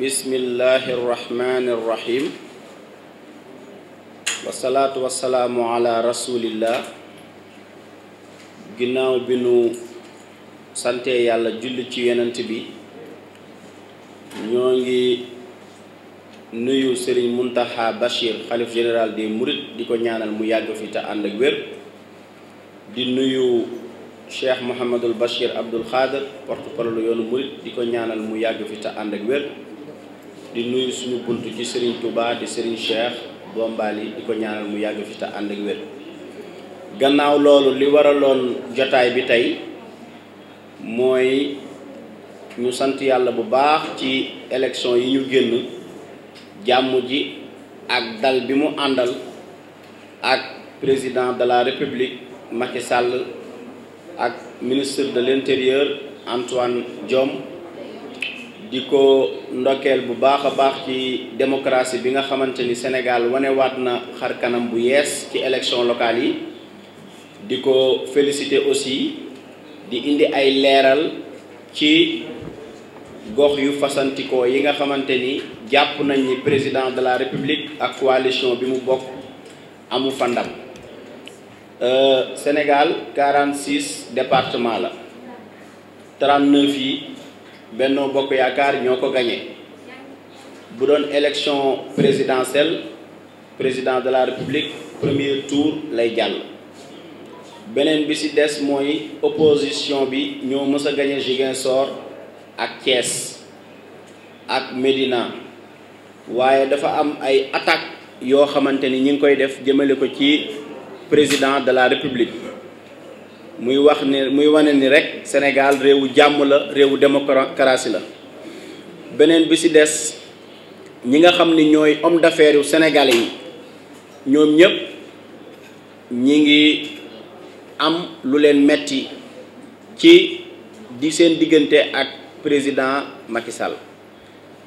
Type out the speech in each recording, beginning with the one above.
بسم الله الرحمن الرحيم والصلاة والسلام على ginnaaw bi nu sante yàlla julli ci yonent bi ñoo ngi nuyu Serigne Mountakha Bachir xalif général des Mourides di ko ñaanal mu yàgg fi te ànd ak wér di nuyu Cheikh Mouhamadul Bachir Abdoul Khader porte yoonu Mouride di ko ñaanal mu yàgg fi te ànd ak wér di nuyu suñu bunt ci Serigne Touba di Serigne Cheikh Bombali di ko ñaanal mu yàgg fi te ànd ak wér gannaaw loolu li waraloon jotaay bi tey mooy ñu sant yàlla bu baax ci élection yi ñu génn jàmm ji ak dal bi mu àndal ak président de la république Macky Sall ak ministre de l'intérieur Antoine Diome di ko ndokkeel bu baax a baax ci démocratie bi nga xamante ni Sénégal wanewaat na xar kanam bu yees ci élection locale yi di ko féliciter aussi di indi ay leeral ci gox yu fasantikoo yi nga xamante ni jàpp nañ ni président de la république ak coalition bi mu bokk amu fa ndam euh, Sénégal 46 département la 39 yi Benno Bokk Yaakaar ñoo ko gagné bu doon élection présidentielle président de la république premier tour lay jàll. beneen bi ci des mooy opposition bi ñoo mës a gagné Ziguinchor ak Thiès ak Médina waaye dafa am ay attaques yoo xamante ni ñi ngi koy def jëmale ko ci président de la république. muy wax ne muy wane ni rek Sénégal réewu jàmm la réewu démocratie la beneen bi ci des ñi nga xam ni ñooy homme d'affaires yu sénégalais yi ñoom ñëpp ñi ngi am lu leen metti ci di seen diggante ak président makisal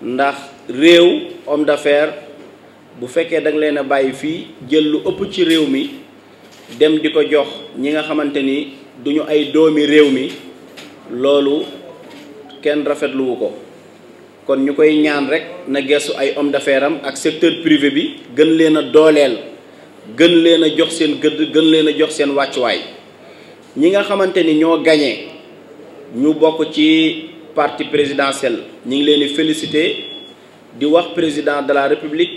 ndax réew homme d'affaires bu fekkee da leen a bàyyi fii jël lu ëpp ci réew mi dem di ko jox ñi nga xamante ni duñu ay doomi réew mi loolu kenn rafetluwu ko kon ñu koy ñaan rek na gestu ay homme d'affaires am ak secteur privé bi gën leen a dooleel gën leen a jox seen gëdd gën leen a jox seen wàccuwaay ñi nga xamante ni ñoo gañe ñu bokk ci parti présidentiel ñi ngi leen di féliciter di wax président de la république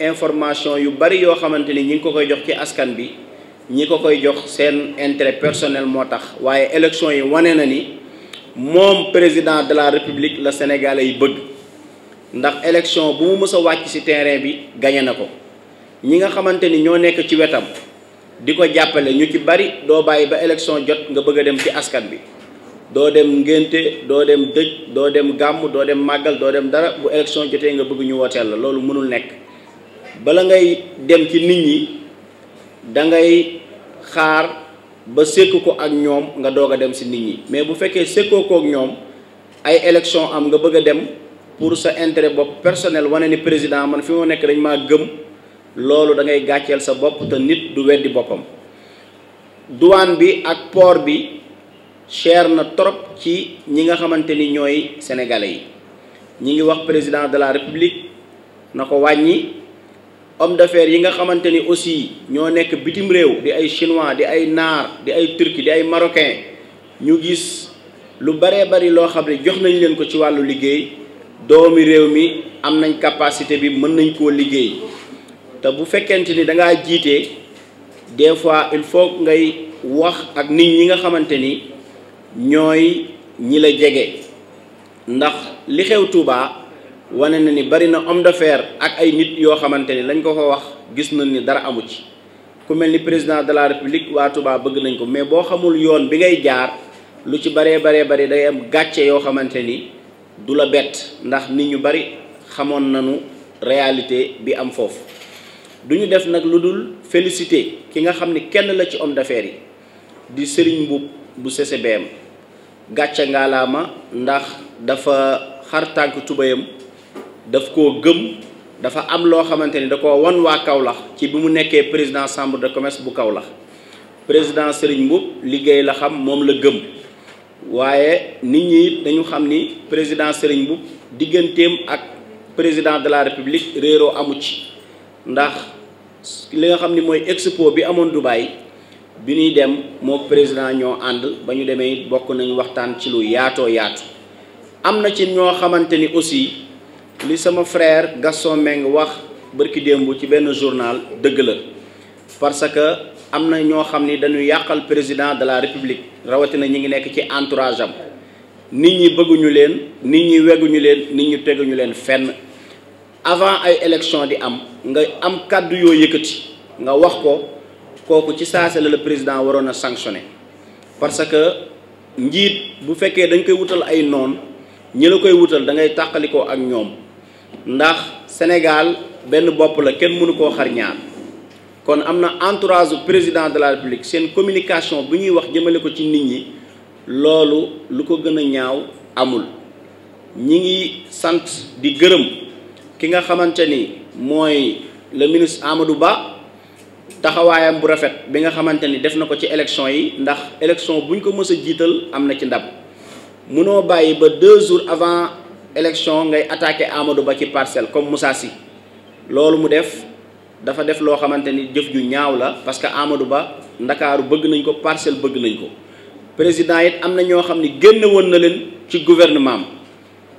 information yu bari yoo xamante ni ñi ngi ko koy jox ci askan bi ñi ko koy jox seen intérêt personnel moo tax waaye élection yi wane na ni moom président de la république la sénégalais yi bëgg ndax élection bu mu mës a wàcc ci terrain bi gañe na ko ñi nga xamante ni ñoo nekk ci wetam di ko jàppale ñu ci bari doo bàyyi ba élection jot nga bëgg a dem ci askan bi doo dem ngénte doo dem dëj doo dem gàmm doo dem màggal doo dem dara bu élection jotee nga bëgg ñu wooteel la loolu mënul nekk bala ngay dem ci nit ñi da xaar ba sekk ko ak ñoom nga doog a dem si nit ñi mais bu fekkee sekkoo kook ñoom ay élection am nga bëgg a dem pour sa intérêt bopp personnel wane ni président man fi ma nekk dañ maa gëm loolu da ngay gàcceel sa bopp te nit du weddi boppam duwaan bi ak poor bi cher na trop ci ñi nga xamante ni ñooy sénégalais yi ñi ngi wax président de la république na ko wàññi homme d'affaires yi nga xamante ni aussi ñoo nekk bitim réew di ay chinois di ay naar di ay turki di ay marocain ñu gis lu baree bari loo xam ne jox nañ leen ko ci wàllu liggéey doomi réew mi am nañ capacité bi mën nañ koo liggéey te bu fekkente ni da ngaa jiite des fois il faut ngay wax ak nit ñi nga xamante ni ñooy ñi la jege ndax li xew Touba. wane na ni bari na homme d'affaires ak ay nit yoo xamante ni lañ ko ko wax gis nañ ni dara amu ci ku mel ni président de la république waa Touba bëgg nañ ko mais boo xamul yoon bi ngay jaar lu ci baree baree bari day am gàcce yoo xamante ni du la bett ndax nit ñu bari xamoon nañu réalité bi am foofu. du ñu def nag lu dul félicité ki nga xam ni kenn la ci homme d'affaires yi di Serigne Mboup bu CCBM gàcce ngaalaama ndax dafa xar tànk tubayam. daf ko gëm dafa am loo xamante ni da ko wan waa Kaolack ci bi mu nekkee président chambre de commerce bu kaw Kaolack président Serigne Mboup liggéey la xam moom la gëm waaye nit ñi dañu xam ni président Serigne Mboup digganteem ak président de la république réeroo amu ci ndax li nga xam ni mooy expo bi amoon Dubaï bi ñuy dem moo président ñoo ànd ba ñu demee bokk nañu waxtaan ci lu yaatoo yaatu am na ci ñoo xamante ni aussi li sama frère Gaston Mbengue wax bërki démb ci benn journal dëgg la parce que am na ñoo xam ni dañuy yàqal président de la république rawatina ñi ngi nekk ci entourage am nit ñi bëgguñu leen nit ñi wegguñu leen nit ñi teguñu leen fenn avant ay élection di am nga am kàddu yoo yëkkati nga wax ko kooku ci saase la le président waroon a sanctionné parce que njiit bu fekkee dañ koy wutal ay noon ñi la koy wutal da ngay ko ak ñoom ndax Sénégal benn bopp la kenn mënu koo xar kon am na entourage du président de la république seen communication bu ñuy wax jëmale ko ci nit ñi loolu lu ko gën a ñaaw amul ñi ngi sant di gërëm ki nga xamante ni mooy le ministre Amadou Ba taxawaayam bu rafet bi nga xamante ni def na ko ci élection yi ndax élection buñ ko mës a jiital am na ci ndam mënoo bàyyi ba jours avant élection ngay attaqué Amadou Ba ci parcelle comme Moussa Sy loolu mu def dafa def loo xamante ni jëf ju ñaaw la parce que Amadou Ba ndakaaru bëgg nañ ko parcelle bëgg nañ ko président it am na ñoo xam ne génn woon na leen ci gouvernement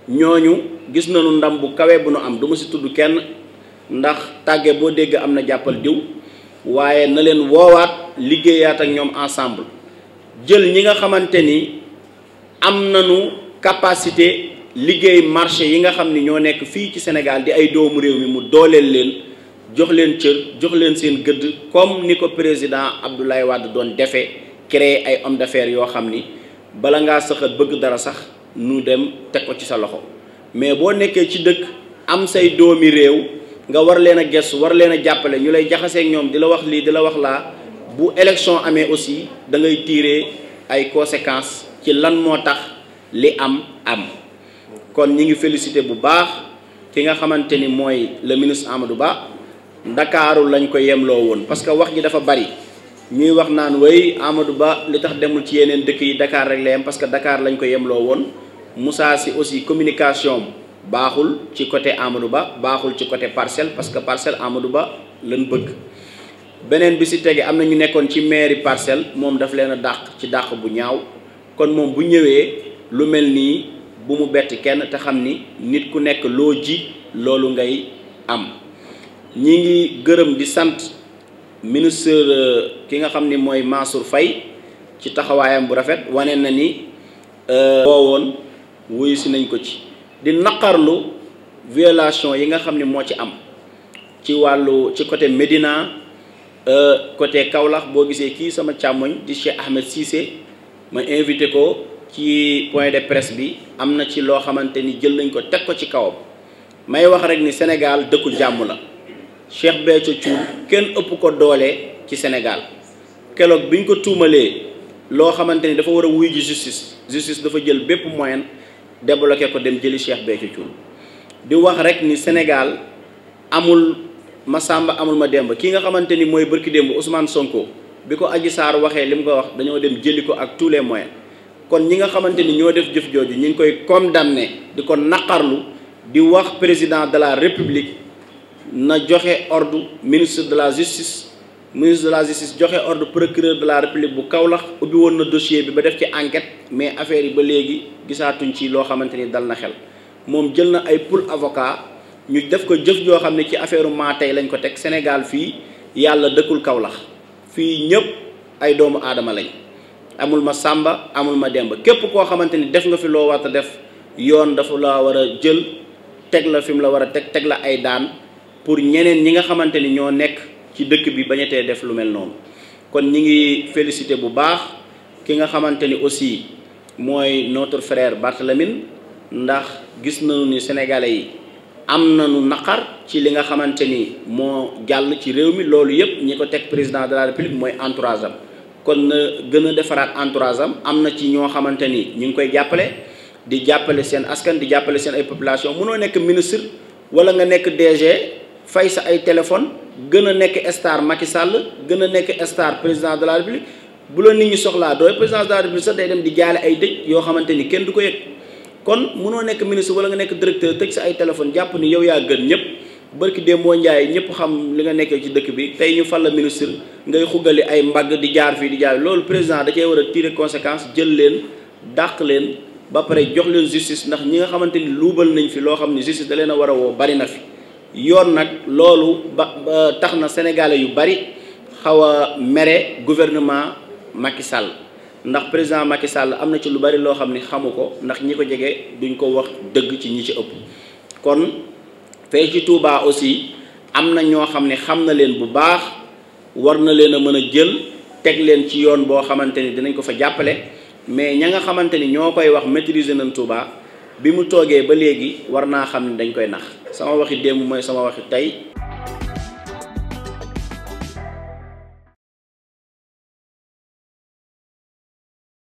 ñooñu gis nañu ndam bu kawee bu nu am du ma si tudd kenn ndax tàgge boo dégg am na jàppal diw waaye na leen woowaat liggéeyaat ak ñoom ensemble jël ñi nga xamante ni am nañu capacité liggéey marché yi nga xam ni ñoo nekk fii ci Sénégal di ay doomu réew mi mu dooleel leen jox leen cër jox leen seen gëdd comme ni ko président Abdoulaye Wade doon defee créer ay hommes d'affaires yoo xam ni bala ngaa saxat bëgg dara sax nu dem teg ko ci sa loxo mais boo nekkee ci dëkk am say doomi réew nga war leen a gëstu war leen a jàppale ñu lay jaxaseeg ñoom di la wax lii di la wax laa bu élection amee aussi dangay tiire ay conséquences ci lan moo tax li am am kon ñi ngi félicité bu baax ki nga xamante ni mooy le ministre Amadou Ba ndakaaru lañ ko yemloo woon parce que wax ji dafa bari ñuy wax naan way Amadou Ba li tax demul ci yeneen dëkk yi Dakar rek la yem parce que Dakar lañ ko yemloo woon Moussa si aussi communication baaxul ci côté Amadou Ba baaxul ci côté parcelle parce que parcelle amadu Ba lañ bëgg beneen bi si tege am na ñu nekkoon ci mairie parcelle moom daf leen a dàq ci dàq bu ñaaw kon moom bu ñëwee lu mel bu mu bett kenn te xam ni nit ku nekk loo ji loolu ngay am ñi ngi gërëm di sant ministeur ki nga xam ni mooy Mansour Faye ci taxawaayam bu rafet wane na ni boo euh, woon wuyu si nañ ko ci di naqarlu violation yi nga xam ni moo ci am ci wàllu ci côté Médina euh, côté Kaolack boo gisee kii sama càmmoñ di Cheikh Ahmed Cissé ma invité ko ci point de press bi am na ci loo xamante ni jël nañ ko teg ko ci kawam may wax rek ni Sénégal dëkkul jàmm la Cheikh Béthio Thioune kenn ëpp ko doole ci Sénégal keloog bi ñu ko tuumalee loo xamante ni dafa war a wuy ji justice justice dafa jël bépp moyen débloqué ko dem jëli Cheikh Béthio Thioune di wax rek ni Sénégal amul ma sàmba amul ma demb ki nga xamante ni mooy bërki démb Ousmane Sonko bi ko Adji Sarr waxee li mu ko wax dañoo dem jëli ko ak tous les moyens kon ñi nga xamante ni ñoo def jëf jooju ñu ngi koy condamné di ko naqarlu di wax président de la république na joxe ordre ministre de la justice ministre de la justice joxe ordre procureur de la république bu Kaolack ubbi woon na dossier bi ba def ci enquête mais affaire yi ba léegi gisaatuñ ci loo xamante ni dal na xel moom jël na ay pour avocat ñu def ko jëf joo xam ne ci affaire u maa tey lañ ko teg Sénégal fii yàlla dëkkul Kaolack fii ñëpp ay doomu aadama lañ amul ma sàmba amul ma demba képp koo xamante ni def nga fi loo war def yoon dafa la war a jël teg la fi mu la war a teg teg la ay daan pour ñeneen ñi nga xamante ni ñoo nekk ci dëkk bi bañatee def lu mel noonu kon ñi ngi félicité bu baax ki nga xamante ni aussi mooy notre frère Barthélémy ndax gis nañu ni sénégalais yi am nañu naqar ci li nga xamante ni moo jàll ci réew mi loolu yëpp ñi ko teg président de la république mooy entourage am kon na gën a defaraat entourage am am na ci ñoo xamante ni ñu ngi koy jàppale di jàppale seen askan di jàppale seen ay population mënoo nekk ministre wala nga nekk DG fay sa ay téléphone gën a nekk star Macky Sall gën a nekk star président de la République bu la nit ñi soxlaa dooy président de la République sax day dem di jaale ay dëj yoo xamante ni kenn du ko yëg kon mënoo nekk ministre wala nga nekk directeur tëj sa ay téléphone jàpp ni yow yaa gën ñëpp barki dee moo njaay ñëpp xam li nga nekkee ci dëkk bi tey ñu fal la ministre ngay xugali ay mbagg di jaar fii di jaar loolu président da cee war a tirer conséquence jël leen dàq leen ba pare jox leen justice ndax ñi nga xamante ni luubal nañ fi loo xam ne justice da leen a war a woo bari na fi yoon nag loolu ba tax na sénégalais yu bari xaw a mere gouvernement Macky Sall ndax président Macky Sall am na ci lu bari loo xam ni xamu ko ndax ñi ko jege duñ ko wax dëgg ci ñi ci ëpp fee ci Touba aussi am na ñoo xam ne xam na leen bu baax war na leen a mën a jël teg leen ci yoon boo xamante ni dinañ ko fa jàppale mais ña nga xamante ni ñoo koy wax maîtriser nañ Touba bi mu toogee ba léegi war naa xam ne dañ koy nax sama waxi démb mooy sama waxit tey